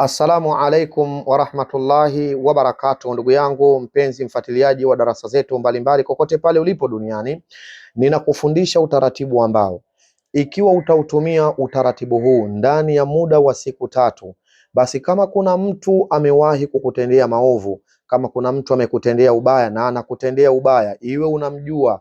Assalamu alaikum warahmatullahi wabarakatuh, ndugu yangu mpenzi mfuatiliaji wa darasa zetu mbalimbali kokote pale ulipo duniani, ninakufundisha utaratibu ambao ikiwa utautumia utaratibu huu ndani ya muda wa siku tatu, basi kama kuna mtu amewahi kukutendea maovu, kama kuna mtu amekutendea ubaya na anakutendea ubaya, iwe unamjua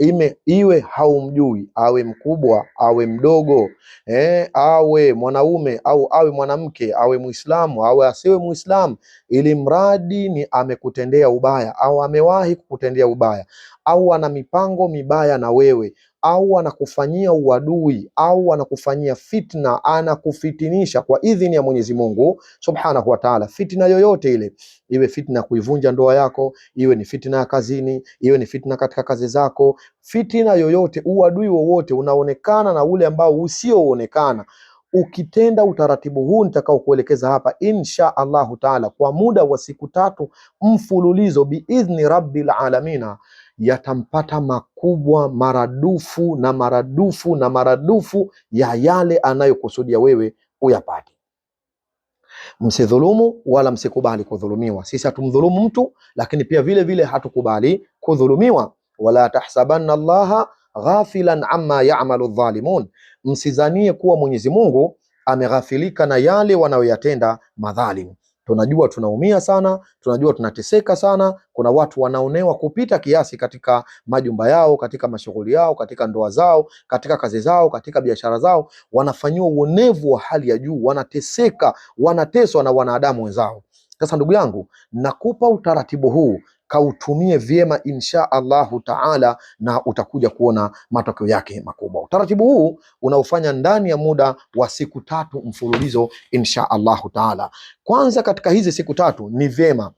ime, iwe haumjui, awe mkubwa awe mdogo eh, awe mwanaume au awe mwanamke, awe Muislamu awe asiwe Muislamu, ili mradi ni amekutendea ubaya au amewahi kukutendea ubaya au ana mipango mibaya na wewe au anakufanyia uadui au anakufanyia fitna, anakufitinisha kwa idhini ya Mwenyezi Mungu Subhanahu wa Ta'ala. Fitna yoyote ile, iwe fitna kuivunja ndoa yako, iwe ni fitna ya kazini, iwe ni fitna katika kazi zako, fitna yoyote, uadui wowote unaonekana na ule ambao usioonekana Ukitenda utaratibu huu nitakaokuelekeza hapa insha Allahu taala, kwa muda wa siku tatu mfululizo biidhni rabbil alamina yatampata makubwa maradufu na maradufu na maradufu ya yale anayokusudia wewe uyapate. Msidhulumu wala msikubali kudhulumiwa. Sisi hatumdhulumu mtu, lakini pia vile vile hatukubali kudhulumiwa. Wala tahsabanna Allaha ghafilan amma ya'malu dhalimun, msizanie kuwa Mwenyezi Mungu ameghafilika na yale wanayoyatenda madhalimu. Tunajua tunaumia sana, tunajua tunateseka sana. Kuna watu wanaonewa kupita kiasi katika majumba yao, katika mashughuli yao, katika ndoa zao, katika kazi zao, katika biashara zao, wanafanyiwa uonevu wa hali ya juu, wanateseka, wanateswa na wanadamu wenzao. Sasa ndugu yangu, nakupa utaratibu huu kautumie vyema insha Allahu taala, na utakuja kuona matokeo yake makubwa. Utaratibu huu unaofanya ndani ya muda wa siku tatu mfululizo insha Allahu taala. Kwanza katika hizi siku tatu ni vyema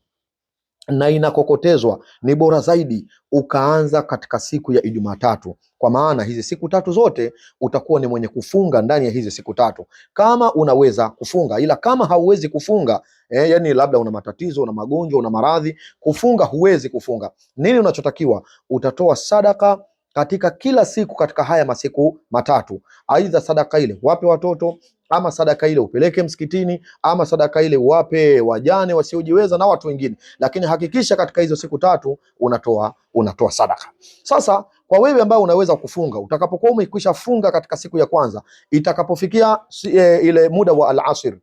na inakokotezwa, ni bora zaidi ukaanza katika siku ya Ijumaa tatu, kwa maana hizi siku tatu zote utakuwa ni mwenye kufunga ndani ya hizi siku tatu, kama unaweza kufunga. Ila kama hauwezi kufunga eh, yani labda una matatizo, una magonjwa, una maradhi, kufunga huwezi kufunga, nini unachotakiwa? Utatoa sadaka katika kila siku katika haya masiku matatu, aidha sadaka ile wape watoto ama sadaka ile upeleke msikitini ama sadaka ile uwape wajane wasiojiweza na watu wengine, lakini hakikisha katika hizo siku tatu unatoa unatoa sadaka. Sasa kwa wewe ambao unaweza kufunga, utakapokuwa umekwisha funga katika siku ya kwanza, itakapofikia e, ile muda wa al-asr,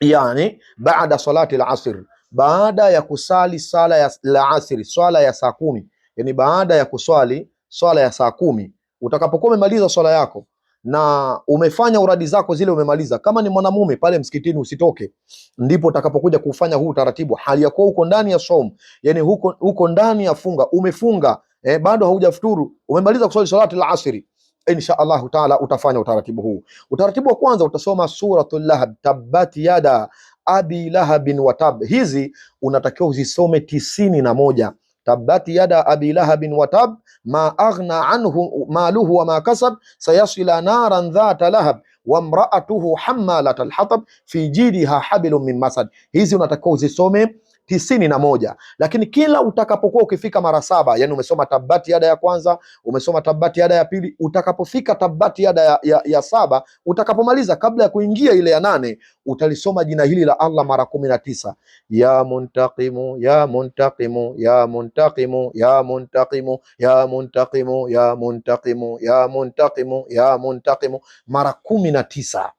yani baada salati al-asr, baada ya kusali sala ya al-asr, swala ya saa kumi, yani baada ya kuswali swala ya saa kumi. Utakapokuwa umemaliza swala yako na umefanya uradi zako zile, umemaliza kama ni mwanamume pale msikitini, usitoke. Ndipo utakapokuja kufanya huu utaratibu, hali ya kuwa uko ndani ya somo, yani huko huko ndani ya funga, umefunga eh, bado haujafuturu, umemaliza kuswali salati la asiri Insha Allah taala utafanya utaratibu huu. Utaratibu wa kwanza utasoma Suratul Lahab, tabbat yada abi lahabin watab. Hizi unatakiwa uzisome tisini na moja. tabbat yada abi lahabin watab ma aghna anhu maluhu wa ma kasab sayasila naran dhata lahab wamraatuhu hamalatal hatab fi jidiha hablum min masad. Hizi unatakiwa uzisome tisini na moja, lakini kila utakapokuwa ukifika mara saba, yani umesoma tabati ada ya kwanza, umesoma tabati ada ya pili, utakapofika tabati ada ya, ya, ya saba, utakapomaliza kabla ya kuingia ile ya nane, utalisoma jina hili la Allah mara kumi na tisa ya muntakimu ya muntakimu ya muntakimu ya muntakimu ya muntakimu ya muntakimu ya muntakimu ya muntakimu mara kumi na tisa.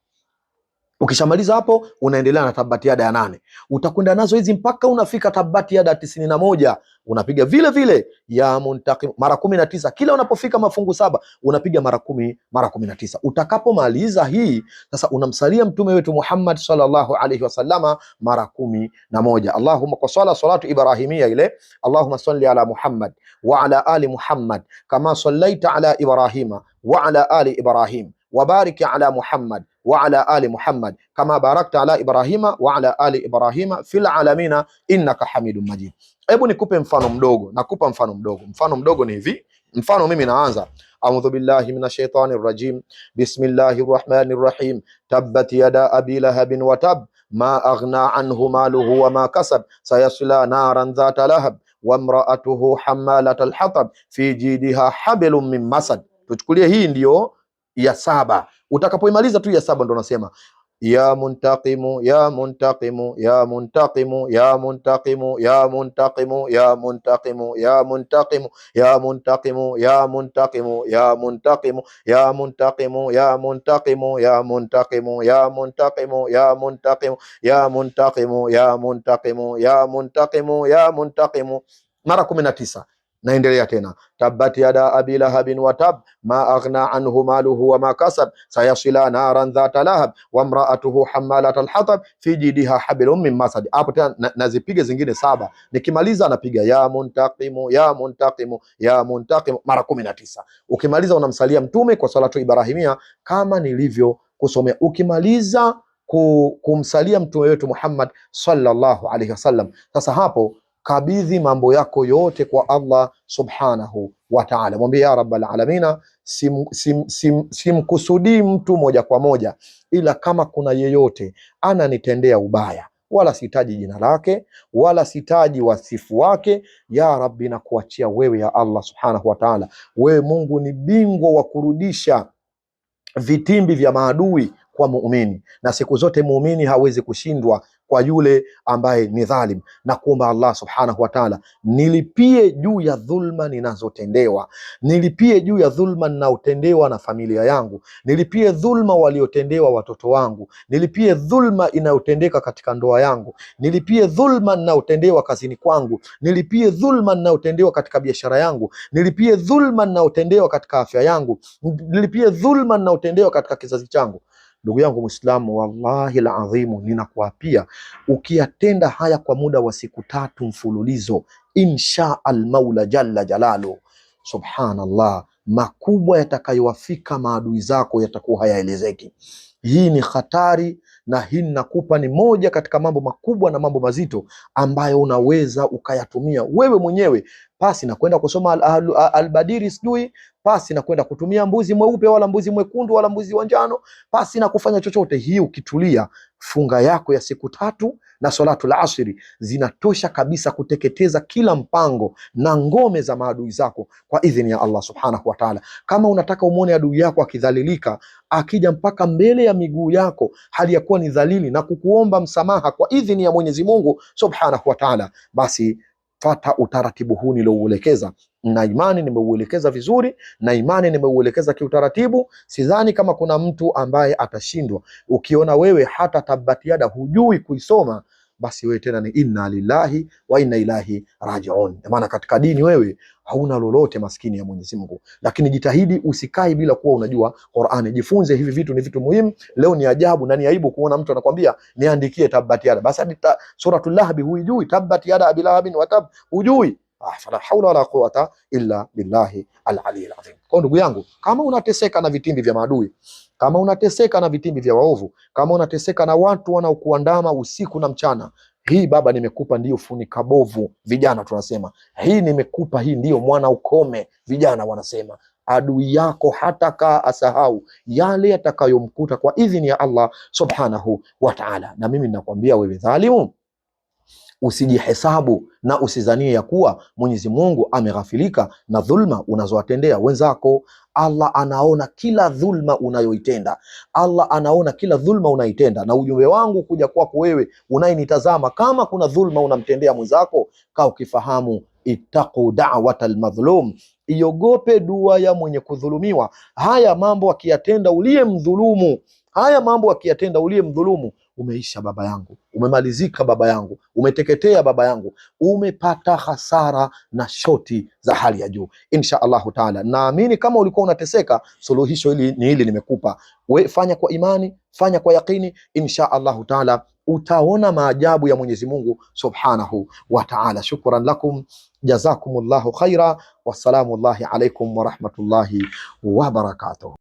Ukishamaliza hapo, unaendelea na tabatiada ya nane, utakwenda nazo hizi mpaka unafika tabatiada ya tisini na moja. Unapiga vile vile ya muntakim mara kumi na tisa. Kila unapofika mafungu saba unapiga mara kumi, mara kumi na tisa. Utakapomaliza hii sasa, unamsalia mtume wetu Muhammad sallallahu alaihi wasallama mara kumi na moja. Allahumma kwa swala salatu ibrahimia ile, Allahumma salli ala Muhammad wa ala ali Muhammad kama sallaita ala Ibrahima wa ala ali Ibrahim wabariki ala Muhammad wa ala ali Muhammad kama barakta ala Ibrahima wa ala ali Ibrahima fil alamina innaka hamidun majid. Hebu nikupe mfano mdogo, nakupa mfano mdogo. Mfano mdogo ni hivi, mfano mimi naanza A'udhu billahi minash shaitani rajim bismillahi rahmani rahim tabbat yada abi lahabin wa tab ma aghna anhu maluhu wa ma kasab sayasla naran dhata lahab wa imra'atuhu hamalat alhatab fi jidiha hablum min masad. Tuchukulie hii ndiyo ya saba Utakapoimaliza tu ya saba ndo unasema ya muntakimu ya muntakimu ya muntakimu ya muntakimu ya muntakimu ya muntakimu ya muntakimu ya muntakimu ya muntakimu ya muntakimu ya muntakimu ya muntakimu ya muntakimu ya muntakimu ya muntakimu ya muntakimu ya muntakimu ya muntakimu ya muntakimu mara kumi na tisa. Naendelea tena, tabbat yada abi lahabin wa tab ma aghna anhu maluhu wa ma kasab sayasila naran dhata lahab wa imraatuhu hamalat alhatab fi jidiha hablum min masad. Hapo tena nazipige zingine saba, nikimaliza anapiga ya muntaqimu ya muntaqimu ya muntaqimu mara kumi na tisa. Ukimaliza unamsalia Mtume kwa salatu ibrahimia kama nilivyo kusomea. Ukimaliza kumsalia mtume wetu Muhammad sallallahu alaihi wasallam, sasa hapo kabidhi mambo yako yote kwa Allah subhanahu wa ta'ala. Mwambie ya rabbal alamina, simkusudii sim, sim, sim mtu moja kwa moja, ila kama kuna yeyote ananitendea ubaya wala sitaji jina lake wala sitaji wasifu wake. Ya Rabbi, nakuachia wewe ya Allah subhanahu wa ta'ala. Wewe Mungu ni bingwa wa kurudisha vitimbi vya maadui kwa muumini, na siku zote muumini hawezi kushindwa kwa yule ambaye ni dhalim, na kuomba Allah subhanahu wa ta'ala, nilipie juu ya dhulma ninazotendewa, nilipie juu ya dhulma ninaotendewa na familia yangu, nilipie dhulma waliotendewa watoto wangu, nilipie dhulma inayotendeka katika ndoa yangu, nilipie dhulma ninayotendewa kazini kwangu, nilipie dhulma ninayotendewa katika biashara yangu, nilipie dhulma ninayotendewa katika afya yangu, nilipie dhulma ninayotendewa katika kizazi changu. Ndugu yangu Muislamu, wallahi la adhimu ninakuapia ukiyatenda haya kwa muda wa siku tatu mfululizo, insha almaula jalla jalalu, subhanallah, makubwa yatakayowafika maadui zako yatakuwa hayaelezeki. Hii ni hatari, na hii ninakupa ni moja katika mambo makubwa na mambo mazito ambayo unaweza ukayatumia wewe mwenyewe pasi na kwenda kusoma albadiri sijui pasi na kwenda kutumia mbuzi mweupe wala mbuzi mwekundu wala mbuzi wa njano pasi na kufanya chochote. Hii ukitulia, funga yako ya siku tatu na salatu la asiri zinatosha kabisa kuteketeza kila mpango na ngome za maadui zako kwa idhini ya Allah subhanahu wa ta'ala. Kama unataka umwone adui yako akidhalilika, akija mpaka mbele ya miguu yako hali ya kuwa ni dhalili na kukuomba msamaha kwa idhini ya Mwenyezi Mungu subhanahu wa ta'ala, basi fata utaratibu huu nilouelekeza, na imani nimeuelekeza vizuri, na imani nimeuelekeza kiutaratibu. Sidhani kama kuna mtu ambaye atashindwa. Ukiona wewe hata tabatiada hujui kuisoma basi wewe tena ni inna lillahi wa inna ilahi rajiun. Maana katika dini wewe hauna lolote, maskini ya Mwenyezi Mungu. Lakini jitahidi usikai bila kuwa unajua Qur'an, jifunze hivi vitu, ni vitu muhimu. Leo ni ajabu na ni aibu kuona mtu anakuambia niandikie tabbat yada, basi hadi suratul lahab huijui, tabbat yada abi lahabin wa tab hujui. Ah, fala haula wala quwata illa billahi al-ali al-azim. Kwa ndugu yangu, kama unateseka na vitimbi vya maadui kama unateseka na vitimbi vya waovu, kama unateseka na watu wanaokuandama usiku na mchana, hii Baba nimekupa ndiyo funika bovu, vijana tunasema hii nimekupa, hii ndiyo mwana ukome, vijana wanasema adui yako hatakaa asahau yale yatakayomkuta kwa idhini ya Allah subhanahu wa ta'ala. Na mimi ninakwambia wewe dhalimu Usijihesabu na usizanie ya kuwa Mwenyezi Mungu ameghafilika na dhulma unazowatendea wenzako. Allah anaona kila dhulma unayoitenda. Allah anaona kila dhulma unaitenda, na ujumbe wangu kuja kwako wewe unayenitazama, kama kuna dhulma unamtendea mwenzako, kaa ukifahamu ittaqu dawat madhlum, iogope dua ya mwenye kudhulumiwa. Haya mambo akiyatenda uliye mdhulumu, haya mambo akiyatenda uliye mdhulumu, umeisha baba yangu umemalizika baba yangu, umeteketea baba yangu, umepata hasara na shoti za hali ya juu. Insha Allahu taala, naamini kama ulikuwa unateseka, suluhisho hili ni hili nimekupa. We fanya kwa imani, fanya kwa yaqini, insha Allahu taala utaona maajabu ya Mwenyezi Mungu subhanahu wa taala. Shukran lakum, jazakumullahu khaira, wassalamu llahi alaikum warahmatullahi wabarakatuh.